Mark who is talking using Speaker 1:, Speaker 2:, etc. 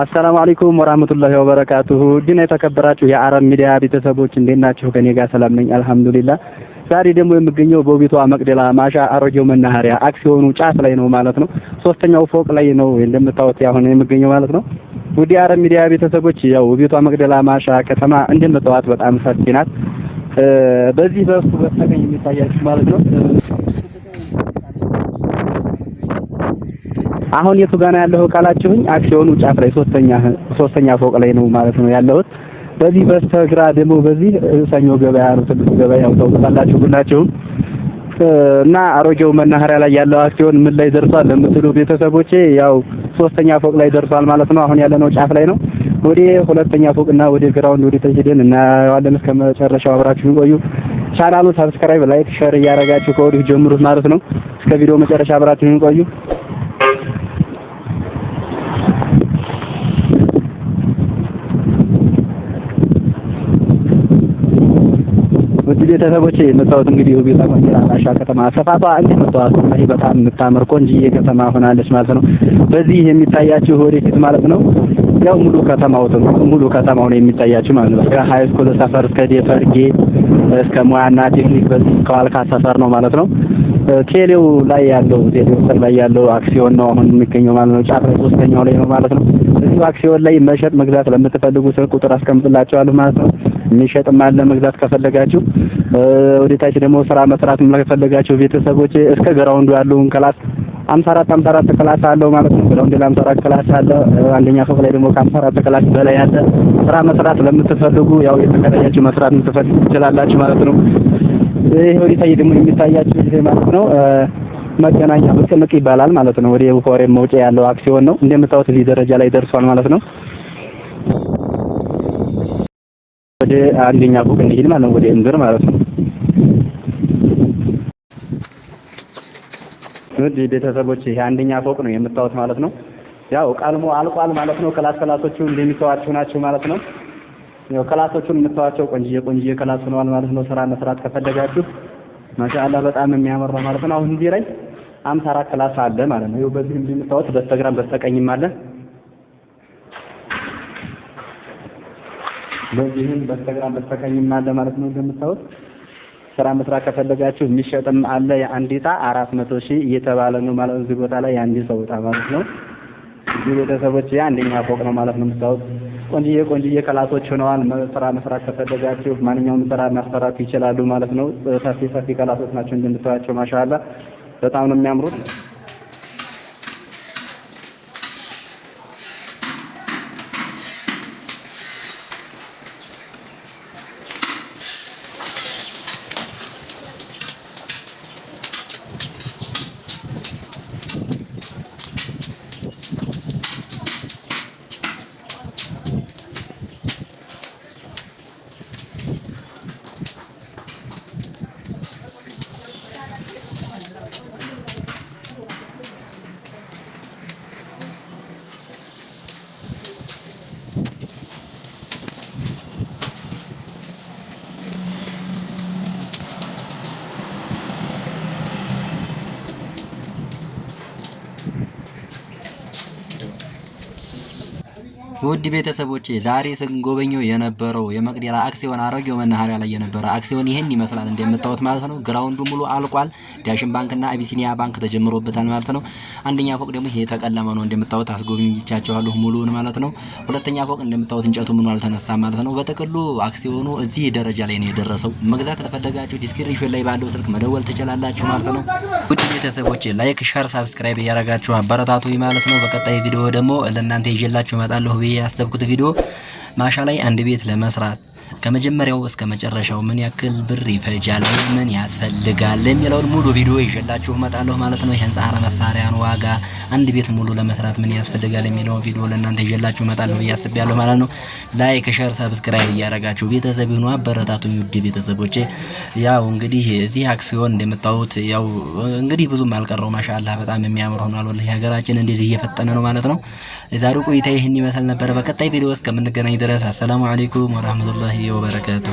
Speaker 1: አሰላሙ አለይኩም ወራህመቱላሂ ወበረካቱሁ። ድና የተከበራችሁ የአረብ ሚዲያ ቤተሰቦች እንዴት ናችሁ? ከኔ ጋር ሰላም ነኝ አልሐምዱሊላህ። ዛሬ ደግሞ የምገኘው በውቢቷ መቅደላ ማሻ አሮጌው መናኸሪያ አክሲዮኑ ጫፍ ላይ ነው ማለት ነው። ሶስተኛው ፎቅ ላይ ነው እንደምታወት አሁን የምገኘው ማለት ነው። ውድ የአረብ ሚዲያ ቤተሰቦች ያው ውቢቷ መቅደላ ማሻ ከተማ እንደምታወት በጣም ሰፊ ናት። በዚህ በሱ በስተቀኝ የሚታያችሁ ማለት ነው አሁን የቱ ጋና ያለው ካላችሁኝ አክሲዮኑ ጫፍ ላይ ሶስተኛ ሶስተኛ ፎቅ ላይ ነው ማለት ነው ያለሁት። በዚህ በስተግራ ደግሞ በዚህ ሰኞ ገበያ ነው ትልቁ ገበያ ያው ታውቁታላችሁ ሁላችሁም እና አሮጌው መናኸሪያ ላይ ያለው አክሲዮን ምን ላይ ደርሷል ለምትሉ ቤተሰቦቼ ያው ሶስተኛ ፎቅ ላይ ደርሷል ማለት ነው። አሁን ያለነው ጫፍ ላይ ነው። ወደ ሁለተኛ ፎቅ እና ወደ ግራውንድ ወደ ተሄደን እናየዋለን። እስከ መጨረሻው አብራችሁ ቆዩ። ቻናሉን ሰብስክራይብ፣ ላይክ፣ ሼር እያደረጋችሁ ከወዲሁ ጀምሩት ማለት ነው። እስከ ቪዲዮ መጨረሻ አብራችሁ ቆዩ። ቤተሰቦች የመጣሁት እንግዲህ ውቢቷ ቆንጅና ላሻ ከተማ ሰፋቷ እንዴት መጣዋት ነው? በጣም የምታምር ቆንጅዬ ከተማ ሆናለች ማለት ነው። በዚህ የሚታያችሁ ወደፊት ማለት ነው ያው ሙሉ ከተማው ሙሉ ከተማው ነው የሚታያችሁ ማለት ነው። እስከ ሃይ ስኩል ሰፈር እስከ ዴፈር ጌት እስከ ሙያና ቴክኒክ በዚህ እስከ ዋልካ ሰፈር ነው ማለት ነው። ቴሌው ላይ ያለው ቴሌው ስር ላይ ያለው አክሲዮን ነው አሁን የሚገኘው ማለት ነው። ጫፍ ሶስተኛው ላይ ነው ማለት ነው። እዚሁ አክሲዮን ላይ መሸጥ መግዛት ለምትፈልጉ ስልክ ቁጥር አስቀምጥላችኋለሁ ማለት ነው። የሚሸጥም አለ መግዛት ከፈለጋችሁ፣ ወደታች ደግሞ ስራ መስራት ከፈለጋችሁ ቤተሰቦች እስከ ግራውንዱ ያለውን ክላስ 54 54 ክላስ አለው ማለት ነው። ግራውንድ ላይ 54 ክላስ አለ። አንደኛ ፎቅ ላይ ደግሞ ከ54 ክላስ በላይ አለ። ስራ መስራት ለምትፈልጉ ያው የተከራያችሁ መስራት የምትፈልጉ ትችላላችሁ ማለት ነው። ይሄ ወዲታይ ደግሞ የሚታያችሁ ይሄ ማለት ነው መገናኛ ብቅምቅ ይባላል ማለት ነው። ወደ ኮሬ መውጫ ያለው አክሲዮን ነው እንደምታዩት እዚህ ደረጃ ላይ ደርሷል ማለት ነው። ወደ አንደኛ ፎቅ እንሂድ ማለት ነው፣ ወደ እንድር ማለት ነው። ውድ ቤተሰቦች ይሄ አንደኛ ፎቅ ነው የምታዩት ማለት ነው። ያው ቀልሞ አልቋል ማለት ነው። ክላስ ክላሶቹ እንደሚተዋቸው ናቸው ማለት ነው። ያው ክላሶቹን የምታዩቸው ቆንጅዬ ቆንጅዬ ክላስ ሆነዋል ማለት ነው። ስራ መስራት ከፈለጋችሁ ማሻአላ በጣም የሚያምር ነው ማለት ነው። አሁን እዚህ ላይ አምሳ አራት ክላስ አለ ማለት ነው። ይኸው በዚህ እንደምታዩት በስተግራም በስተቀኝም አለ። በዚህም በስተግራም በስተቀኝም አለ ማለት ነው። እንደምታዩት ስራ መስራት ከፈለጋችሁ የሚሸጥም አለ። የአንድ ዕጣ አራት መቶ ሺህ እየተባለ ነው ማለት ነው። እዚህ ቦታ ላይ የአንድ ሰው ዕጣ ማለት ነው። እዚህ ቤተሰቦች የአንደኛ ፎቅ ነው ማለት ነው። የምታዩት ቆንጅዬ ቆንጅዬ ከላሶች ሆነዋል። ስራ መስራት ከፈለጋችሁ ማንኛውም ስራ ማሰራት ይችላሉ ማለት ነው። ሰፊ ሰፊ ከላሶች ናቸው እንደምታዩቸው። ማሻአላ በጣም ነው የሚያምሩት።
Speaker 2: ውድ ቤተሰቦቼ ዛሬ ስንጎበኘው የነበረው የመቅደላ አክሲዮን አሮጌው መናኸሪያ ላይ የነበረ አክሲዮን ይህን ይመስላል እንደምታዩት ማለት ነው። ግራውንዱ ሙሉ አልቋል። ዳሽን ባንክና አቢሲኒያ ባንክ ተጀምሮበታል ማለት ነው። አንደኛ ፎቅ ደግሞ ይሄ የተቀለመ ነው እንደምታዩት አስጎብኝቻቸዋለሁ ሙሉውን ማለት ነው። ሁለተኛ ፎቅ እንደምታዩት እንጨቱ ምኑ አልተነሳ ማለት ነው። በጥቅሉ አክሲዮኑ እዚህ ደረጃ ላይ ነው የደረሰው። መግዛት ከተፈለጋችሁ ዲስክሪፕሽን ላይ ባለው ስልክ መደወል ትችላላችሁ ማለት ነው። ውድ ቤተሰቦቼ ላይክ፣ ሸር፣ ሳብስክራይብ እያረጋችሁ አበረታቱ ማለት ነው። በቀጣይ ቪዲዮ ደግሞ ለእናንተ ይዤላችሁ እመጣለሁ ብዬ ብዬ ያሰብኩት ቪዲዮ ማሻ ላይ አንድ ቤት ለመስራት ከመጀመሪያው እስከ መጨረሻው ምን ያክል ብር ይፈጃል፣ ምን ያስፈልጋል የሚለውን ሙሉ ቪዲዮ ይዤላችሁ እመጣለሁ ማለት ነው። የህንፃ መሳሪያን ዋጋ፣ አንድ ቤት ሙሉ ለመስራት ምን ያስፈልጋል የሚለውን ቪዲዮ ለእናንተ ይዤላችሁ እመጣለሁ ብዬ አስቤያለሁ ማለት ነው። ላይክ፣ ሸር፣ ሰብስክራይብ እያደረጋችሁ ቤተሰብ ይሁኑ፣ አበረታቱኝ ውድ ቤተሰቦቼ። ያው እንግዲህ እዚህ አክሲዮን እንደምታዩት ያው እንግዲህ ብዙም አልቀረው ማሻላ በጣም የሚያምር ሆኗል። ወላሂ ሀገራችን እንደዚህ እየፈጠነ ነው ማለት ነው። የዛሬው ቆይታ ይህን ይመስል ነበር። በቀጣይ ቪዲዮ እስከምንገናኝ ድረስ አሰላሙ አለይኩም ወራህመቱላሂ በረከቱ